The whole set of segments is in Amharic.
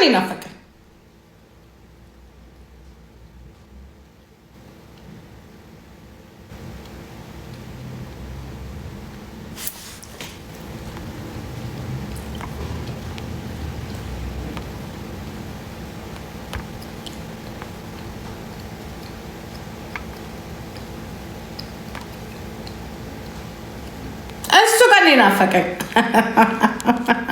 ነው የናፈቀኝ። እሱ ቀን የናፈቀኝ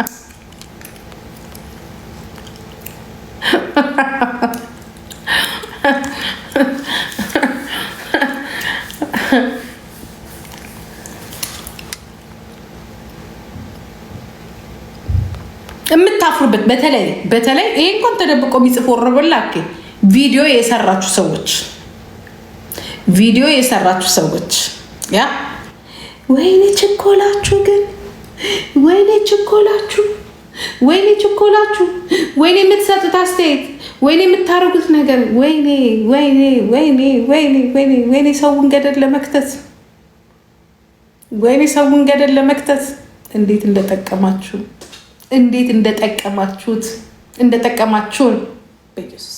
በተለይ በተለይ ይሄ እንኳን ተደብቆ የሚጽፎ ረበላኬ ቪዲዮ የሰራችሁ ሰዎች ቪዲዮ የሰራችሁ ሰዎች ያ ወይኔ ችኮላችሁ ግን ወይኔ ችኮላችሁ ወይኔ ችኮላችሁ ወይኔ የምትሰጡት አስተያየት ወይኔ የምታደርጉት ነገር ወይኔ ወይኔ ወይኔ ወይኔ ወይኔ ወይኔ ሰውን ገደል ለመክተት ወይኔ ሰውን ገደል ለመክተት እንዴት እንደጠቀማችሁ እንዴት እንደጠቀማችሁት እንደጠቀማችሁን በኢየሱስ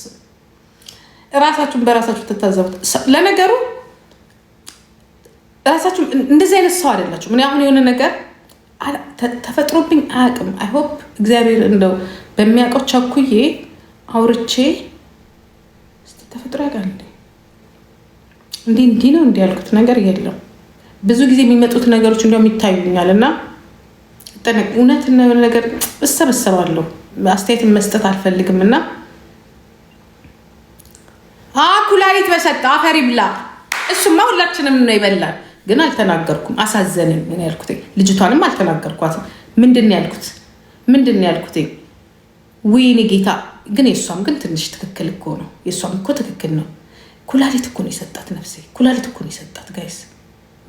ራሳችሁን በራሳችሁ ትታዘቡት። ለነገሩ ራሳችሁ እንደዚህ አይነት ሰው አይደላችሁ። ምን አሁን የሆነ ነገር ተፈጥሮብኝ አያውቅም። አይሆፕ እግዚአብሔር እንደው በሚያውቀው ቸኩዬ አውርቼ ተፈጥሮ ያውቃል እንዴ እንዲህ እንዲህ ነው እንዲህ ያልኩት ነገር የለም። ብዙ ጊዜ የሚመጡት ነገሮች እንዲያውም ይታዩኛል እና እውነት ነገር እሰበሰባለሁ። አስተያየት መስጠት አልፈልግም እና ኩላሊት በሰጠ አፈር ይብላ። እሱማ ሁላችንም ነው ይበላል። ግን አልተናገርኩም። አሳዘንም ምን ያልኩት ልጅቷንም አልተናገርኳትም። ምንድን ያልኩት ምንድን ያልኩት ዊኒ ጌታ ግን የእሷም ግን ትንሽ ትክክል እኮ ነው። የእሷም እኮ ትክክል ነው። ኩላሊት እኮ ነው የሰጣት ነፍሴ፣ ኩላሊት እኮ ነው የሰጣት ጋይስ።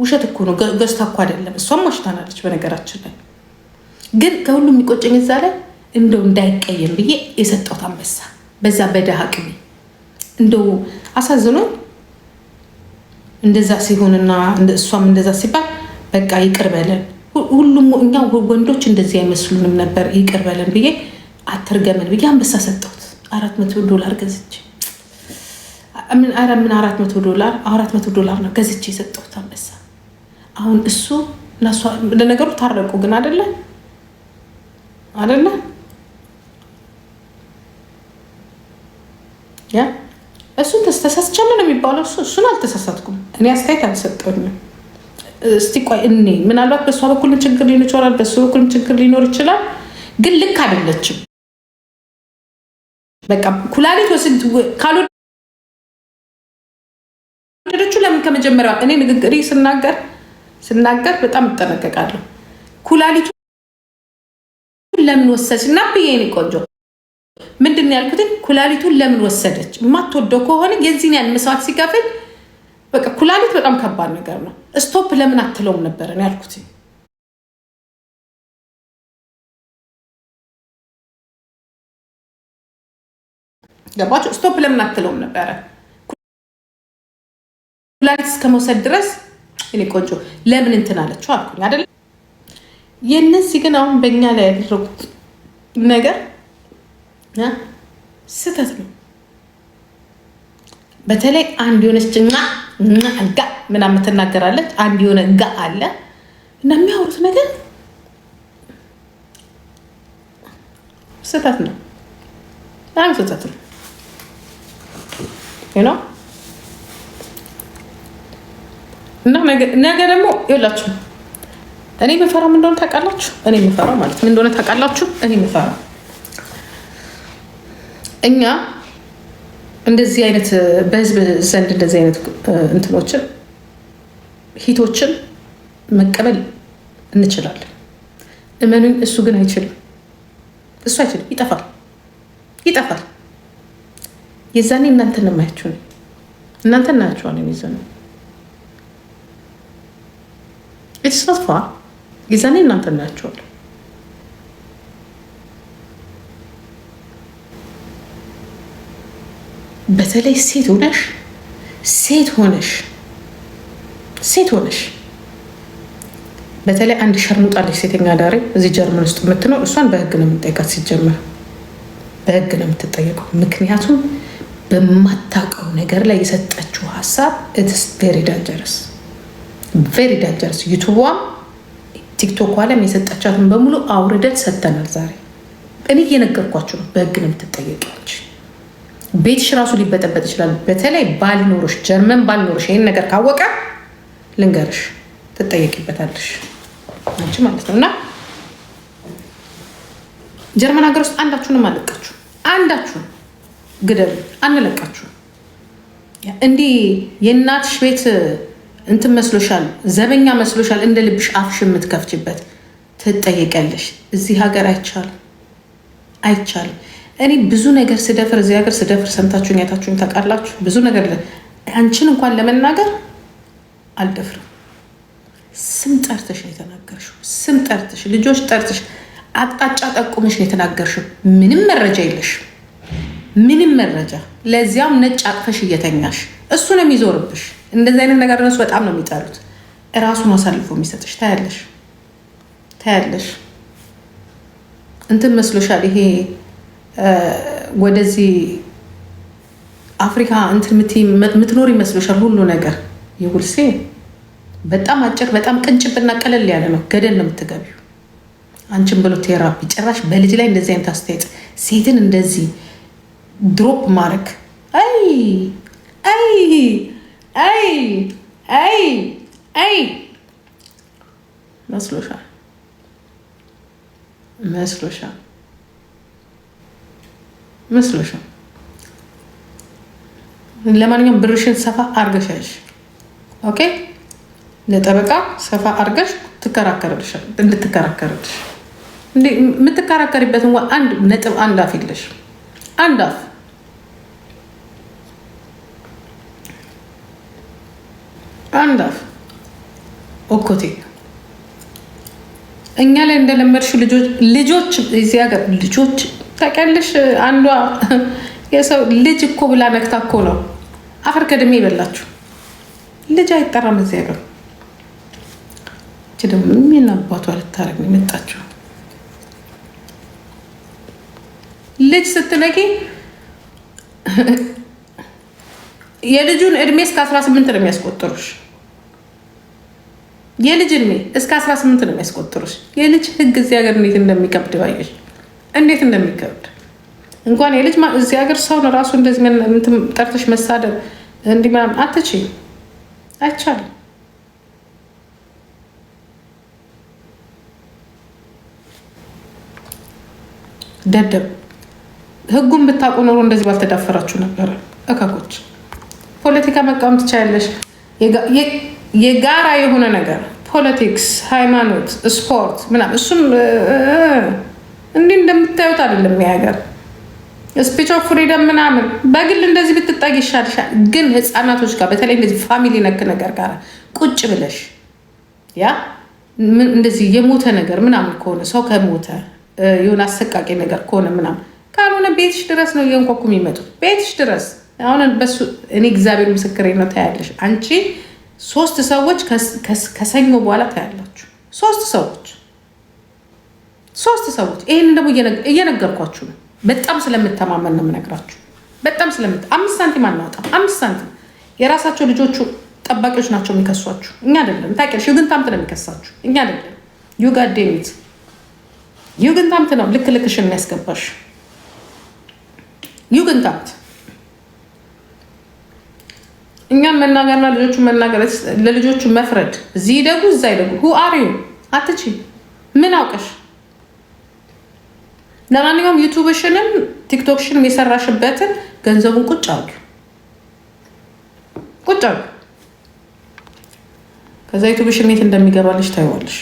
ውሸት እኮ ነው ገዝታ እኮ አይደለም። እሷም ዋሽታናለች በነገራችን ላይ ግን ከሁሉም የሚቆጨኝ እዛ ላይ እንደው እንዳይቀየም ብዬ የሰጠሁት አንበሳ በዛ በደሃ ቅሜ እንደው አሳዝኖ እንደዛ ሲሆንና እሷም እንደዛ ሲባል በቃ ይቅር በለን ሁሉም እኛ ወንዶች እንደዚህ አይመስሉንም ነበር፣ ይቅር በለን ብዬ አትርገመን ብዬ አንበሳ ሰጠሁት። አራት መቶ ዶላር ገዝቼ ምን አራት መቶ ዶላር አራት መቶ ዶላር ነው ገዝቼ የሰጠሁት አንበሳ። አሁን እሱ ለነገሩ ታረቁ ግን አይደለም አይደለ ያ እሱን ተሳስቻለሁ ነው የሚባለው። እሱን አልተሳሳትኩም እኔ አስተያየት አልሰጠኝም። እስቲ ቆይ እኔ ምናልባት በእሷ በኩል ችግር ሊኖር ይችላል፣ በእሱ በኩል ችግር ሊኖር ይችላል። ግን ልክ አይደለችም። በቃ ኩላሊት ወስድ ካልወደደችው ለምን ከመጀመሪያ እኔ ንግግሬ ስናገር ስናገር በጣም እጠነቀቃለሁ ኩላሊቱ ለምን ወሰደች እና ብዬን ቆንጆ ምንድን ያልኩትን ኩላሊቱን ለምን ወሰደች? የማትወደው ከሆነ የዚህን ያን መስዋዕት ሲከፍል በቃ ኩላሊት በጣም ከባድ ነገር ነው። ስቶፕ ለምን አትለውም ነበር ያልኩት። ገባችሁ? ስቶፕ ለምን አትለውም ነበረ? ኩላሊት እስከመውሰድ ድረስ እኔ ቆንጆ ለምን እንትን አለችው አልኩኝ አይደለም የእነዚህ ግን አሁን በእኛ ላይ ያደረጉት ነገር ስህተት ነው። በተለይ አንድ የሆነች ጋ ጋ ምናምን ትናገራለች። አንድ የሆነ ጋ አለ እና የሚያወሩት ነገር ስህተት ነው። በጣም ስህተት ነው። እና ነገ ደግሞ ይላችሁ እኔ የምፈራ ምን እንደሆነ ታውቃላችሁ? እኔ የምፈራ ማለት ምን እንደሆነ ታውቃላችሁ? እኔ የምፈራ እኛ እንደዚህ አይነት በህዝብ ዘንድ እንደዚህ አይነት እንትኖችን ሂቶችን መቀበል እንችላለን። እመኑኝ፣ እሱ ግን አይችልም። እሱ አይችልም። ይጠፋል፣ ይጠፋል። የዛኔ እናንተን ነው የማያችሁ። እናንተን እናያችኋለን። የዛኔ ኢትስ ኖት ፋር የዛኔ እናንተ እናያቸዋል። በተለይ ሴት ሆነሽ ሴት ሆነሽ ሴት ሆነሽ በተለይ አንድ ሸርሙጣለች ሴተኛ አዳሪ እዚህ ጀርመን ውስጥ የምትኖር እሷን በህግ ነው የምጠይቃት። ሲጀመር በህግ ነው የምትጠየቀው። ምክንያቱም በማታውቀው ነገር ላይ የሰጠችው ሀሳብ ኢትስ ቬሪ ዳንጀረስ ቬሪ ዳንጀረስ ዩቱቧም ቲክቶክ አለም የሰጠቻትን በሙሉ አውርደን ሰጥተናል። ዛሬ እኔ እየነገርኳቸው ነው። በህግ ነው የምትጠየቂዎች። ቤትሽ ራሱ ሊበጠበጥ ይችላል። በተለይ ባልኖርሽ፣ ጀርመን ባልኖርሽ ይህን ነገር ካወቀ ልንገርሽ፣ ትጠየቂበታለሽ አንቺ ማለት ነው። እና ጀርመን ሀገር ውስጥ አንዳችሁንም አለቃችሁ፣ አንዳችሁን ግደሉ፣ አንለቃችሁ እንዲህ የእናትሽ ቤት እንትን መስሎሻል፣ ዘበኛ መስሎሻል፣ እንደ ልብሽ አፍሽ የምትከፍችበት ትጠይቀለሽ። እዚህ ሀገር አይቻልም፣ አይቻልም። እኔ ብዙ ነገር ስደፍር እዚህ ሀገር ስደፍር ሰምታችሁኝ አይታችሁኝ ታውቃላችሁ። ብዙ ነገር አንቺን እንኳን ለመናገር አልደፍርም። ስም ጠርተሽ ነው የተናገርሽው። ስም ጠርተሽ ልጆች ጠርተሽ አቅጣጫ ጠቁምሽ ነው የተናገርሽው። ምንም መረጃ የለሽም። ምንም መረጃ ለዚያም ነጭ አቅፈሽ እየተኛሽ እሱ ነው የሚዞርብሽ። እንደዚህ አይነት ነገር እነሱ በጣም ነው የሚጠሉት። እራሱን አሳልፎ የሚሰጥሽ ታያለሽ፣ ታያለሽ። እንትን መስሎሻል። ይሄ ወደዚህ አፍሪካ እንትን ምትኖር ይመስሎሻል። ሁሉ ነገር የጉልሴ በጣም አጭር፣ በጣም ቅንጭብና ቀለል ያለ ነው። ገደል ነው የምትገቢው አንቺን ብሎ ቴራፒ። ጭራሽ በልጅ ላይ እንደዚህ አይነት አስተያየት ሴትን እንደዚህ ድሮፕ ማድረግ አይ አይ አይ አይ አይ መስሎሻል መስሎሻል መስሎሻል። ለማንኛውም ብርሽን ሰፋ አርገሻሽ ኦኬ፣ ለጠበቃ ሰፋ አርገሽ ትከራከርልሻል። እንድትከራከርልሽ የምትከራከሪበትን አንድ ነጥብ አንድ አፍ የለሽ አንድ አፍ አንድ አፍ ኦኮቴ እኛ ላይ እንደለመድሽ ልጆች ልጆች እዚህ ሀገር ልጆች ታውቂያለሽ። አንዷ የሰው ልጅ እኮ ብላ ነክታ እኮ ነው አፈር ከድሜ ይበላችሁ። ልጅ አይጠራም እዚህ ሀገር። እች ደግሞ ምን አባቷ ልታረግ ነው የመጣችው? ልጅ ስትነቂ የልጁን እድሜ እስከ 18 ነው የሚያስቆጥሩሽ። የልጅ እድሜ እስከ 18 ነው የሚያስቆጥሩሽ። የልጅ ህግ እዚህ ሀገር እንዴት እንደሚከብድ ባየሽ፣ እንዴት እንደሚከብድ እንኳን የልጅ እዚህ ሀገር ሰውን ራሱ እንደዚህ ጠርተሽ መሳደብ እንዲህ ምናምን አትችይም፣ አይቻልም። ደደብ ህጉን ብታውቁ ኖሮ እንደዚህ ባልተዳፈራችሁ ነበረ። መቃወም ትችላለሽ። የጋራ የሆነ ነገር ፖለቲክስ፣ ሃይማኖት፣ ስፖርት ምናምን እሱም እንዲህ እንደምታዩት አይደለም። የሀገር ስፒች ኦፍ ፍሪደም ምናምን በግል እንደዚህ ብትጠጊ ይሻልሻል። ግን ህፃናቶች ጋር በተለይ እንደዚህ ፋሚሊ ነክ ነገር ጋር ቁጭ ብለሽ ያ እንደዚህ የሞተ ነገር ምናምን ከሆነ ሰው ከሞተ የሆነ አሰቃቂ ነገር ከሆነ ምናምን ካልሆነ ቤትሽ ድረስ ነው እየንኳኩ የሚመጡ ቤትሽ ድረስ አሁን በሱ እኔ እግዚአብሔር ምስክሬ ነው። ታያለሽ አንቺ ሶስት ሰዎች ከሰኞ በኋላ ታያላችሁ። ሶስት ሰዎች ሶስት ሰዎች ይህን ደግሞ እየነገርኳችሁ ነው። በጣም ስለምተማመን ነው የምነግራችሁ። በጣም ስለምት አምስት ሳንቲም አናወጣም። አምስት ሳንቲም የራሳቸው ልጆቹ ጠባቂዎች ናቸው የሚከሷችሁ፣ እኛ አይደለም። ታውቂያለሽ፣ ታምት ነው የሚከሳችሁ፣ እኛ አይደለም። ዩግን ታምት ነው ልክ ልክሽን የሚያስገባሽ ታምት እኛም መናገርና ልጆቹ መናገር ለልጆቹ መፍረድ እዚህ ይደጉ እዛ ይደጉ ሁ አር ዩ አትቺ ምን አውቀሽ። ለማንኛውም ዩቱብሽንም ቲክቶክሽንም የሰራሽበትን ገንዘቡን ቁጭ አውቂ ቁጭ አውቂ። ከዛ ዩቱብሽን እንዴት እንደሚገባልሽ ታይዋለሽ።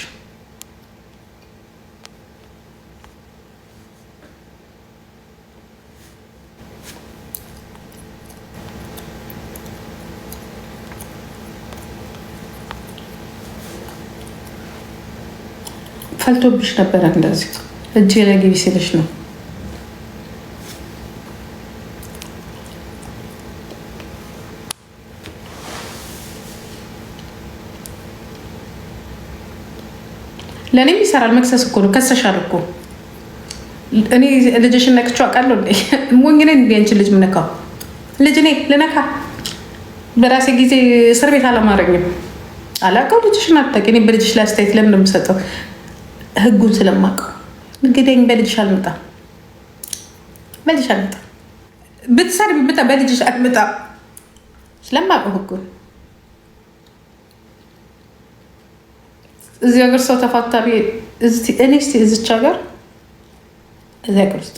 ፈልቶብሽ ነበረ። እንደዚህ እጅ ላይ ግቢ ሲልሽ ነው ለእኔም ይሰራል። መክሰስ እኮ ነው። ከሰሻል እኮ እኔ ልጅሽን ነክቼው አውቃለሁ። ሞኝ ነኝ እንደ አንቺን ልጅ የምነካው ልጅ እኔ ልነካ በራሴ ጊዜ እስር ቤት አላማረኝም። አላውቀው ልጅሽን አታውቂ። እኔ በልጅሽ ላይ አስተያየት ለምን ነው የምሰጠው? ህጉን ስለማውቀው እንግዲህ በልጅሽ አልመጣም፣ በልጅሽ አልመጣም፣ ብትሰድቢ በልጅሽ አልመጣም ስለማውቀው ህጉን። እዚህ ሀገር ሰው ተፋታ እኔ ስ እዚች ሀገር እዚህ ሀገር ውስጥ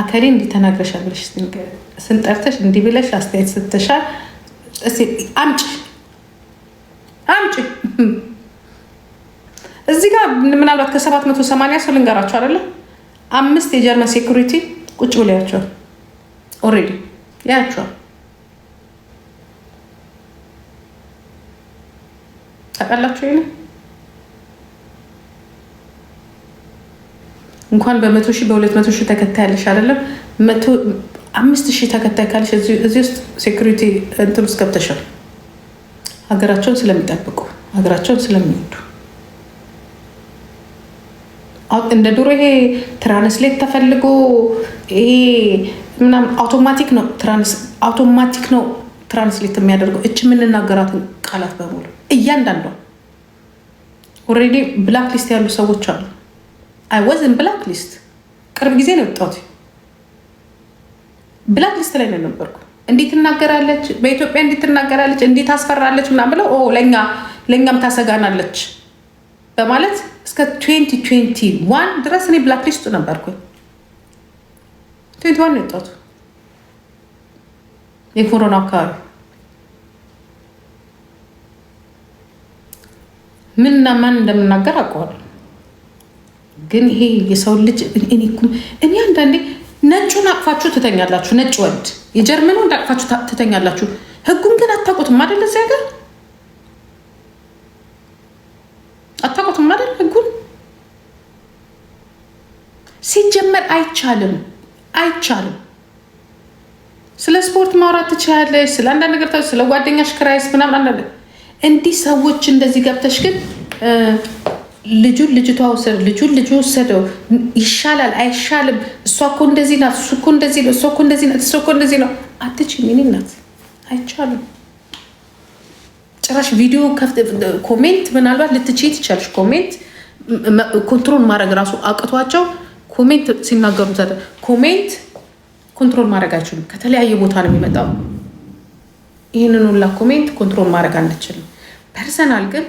አከሌ እንዲህ ተናግረሻል ብለሽ ስንጠርተሽ እንዲህ ብለሽ አስተያየት ስተሻ አምጪ አምጪ እዚህ ጋር ምናልባት ከ780 ሰው ልንገራቸው አደለ አምስት የጀርመን ሴኩሪቲ ቁጭ ብሎ ያቸዋል። ኦልሬዲ ያቸዋል። ታውቃላችሁ ይሄን እንኳን በመቶ ሺህ በሁለት መቶ ሺህ ተከታይ ያለሽ አይደለም አምስት ሺህ ተከታይ ካለሽ እዚህ ውስጥ ሴኩሪቲ እንትን ውስጥ ገብተሻል። ሀገራቸውን ስለሚጠብቁ ሀገራቸውን ስለሚወዱ እንደ ድሮ ይሄ ትራንስሌት ተፈልጎ ይሄ ምናምን አውቶማቲክ ነው አውቶማቲክ ነው ትራንስሌት የሚያደርገው እች የምንናገራትን ቃላት በሙሉ እያንዳንዷ ኦልሬዲ ብላክ ሊስት ያሉ ሰዎች አሉ። አይ ወዝን ብላክ ሊስት ቅርብ ጊዜ ነው የወጣሁት። ብላክ ሊስት ላይ ነው ነበርኩ። እንዴት ትናገራለች፣ በኢትዮጵያ እንዴት ትናገራለች፣ እንዴት ታስፈራለች ምናምን ብለው ለእኛም ታሰጋናለች በማለት እስከ 2021 ድረስ እኔ ብላክ ሊስቱ ነበርኩኝ። 21 የወጣቱ የኮሮና አካባቢ ምንና ማን እንደምናገር አውቀዋለሁ። ግን ይሄ የሰው ልጅ እኔ አንዳንዴ ነጩን አቅፋችሁ ትተኛላችሁ። ነጭ ወንድ የጀርመን ወንድ አቅፋችሁ ትተኛላችሁ። ህጉም ግን አታውቁትም አይደል እዚህ ሀገር ሲጀመር አይቻልም አይቻልም። ስለ ስፖርት ማውራት ትችላለች፣ ስለ አንዳንድ ነገር፣ ስለ ጓደኛሽ ክራይስ ምናምን አንዳንድ እንዲህ ሰዎች እንደዚህ ገብተሽ ግን ልጁን ልጅቷ ወሰደ፣ ልጁን ልጁ ወሰደው፣ ይሻላል አይሻልም፣ እሷ እኮ እንደዚህ ናት፣ እሱ እኮ እንደዚህ ነው፣ እሷ እኮ እንደዚህ ናት፣ እሷ እኮ እንደዚህ ነው። አትችይም፣ የእኔ ናት፣ አይቻልም። ጭራሽ ቪዲዮ ኮሜንት ምናልባት ልትችይ ትችያለሽ። ኮሜንት ኮንትሮል ማድረግ ራሱ አቅቷቸው ኮሜንት ሲናገሩ ኮሜንት ኮንትሮል ማድረግ አይችሉም። ከተለያየ ቦታ ነው የሚመጣው። ይህንን ሁላ ኮሜንት ኮንትሮል ማድረግ አንችልም። ፐርሰናል ግን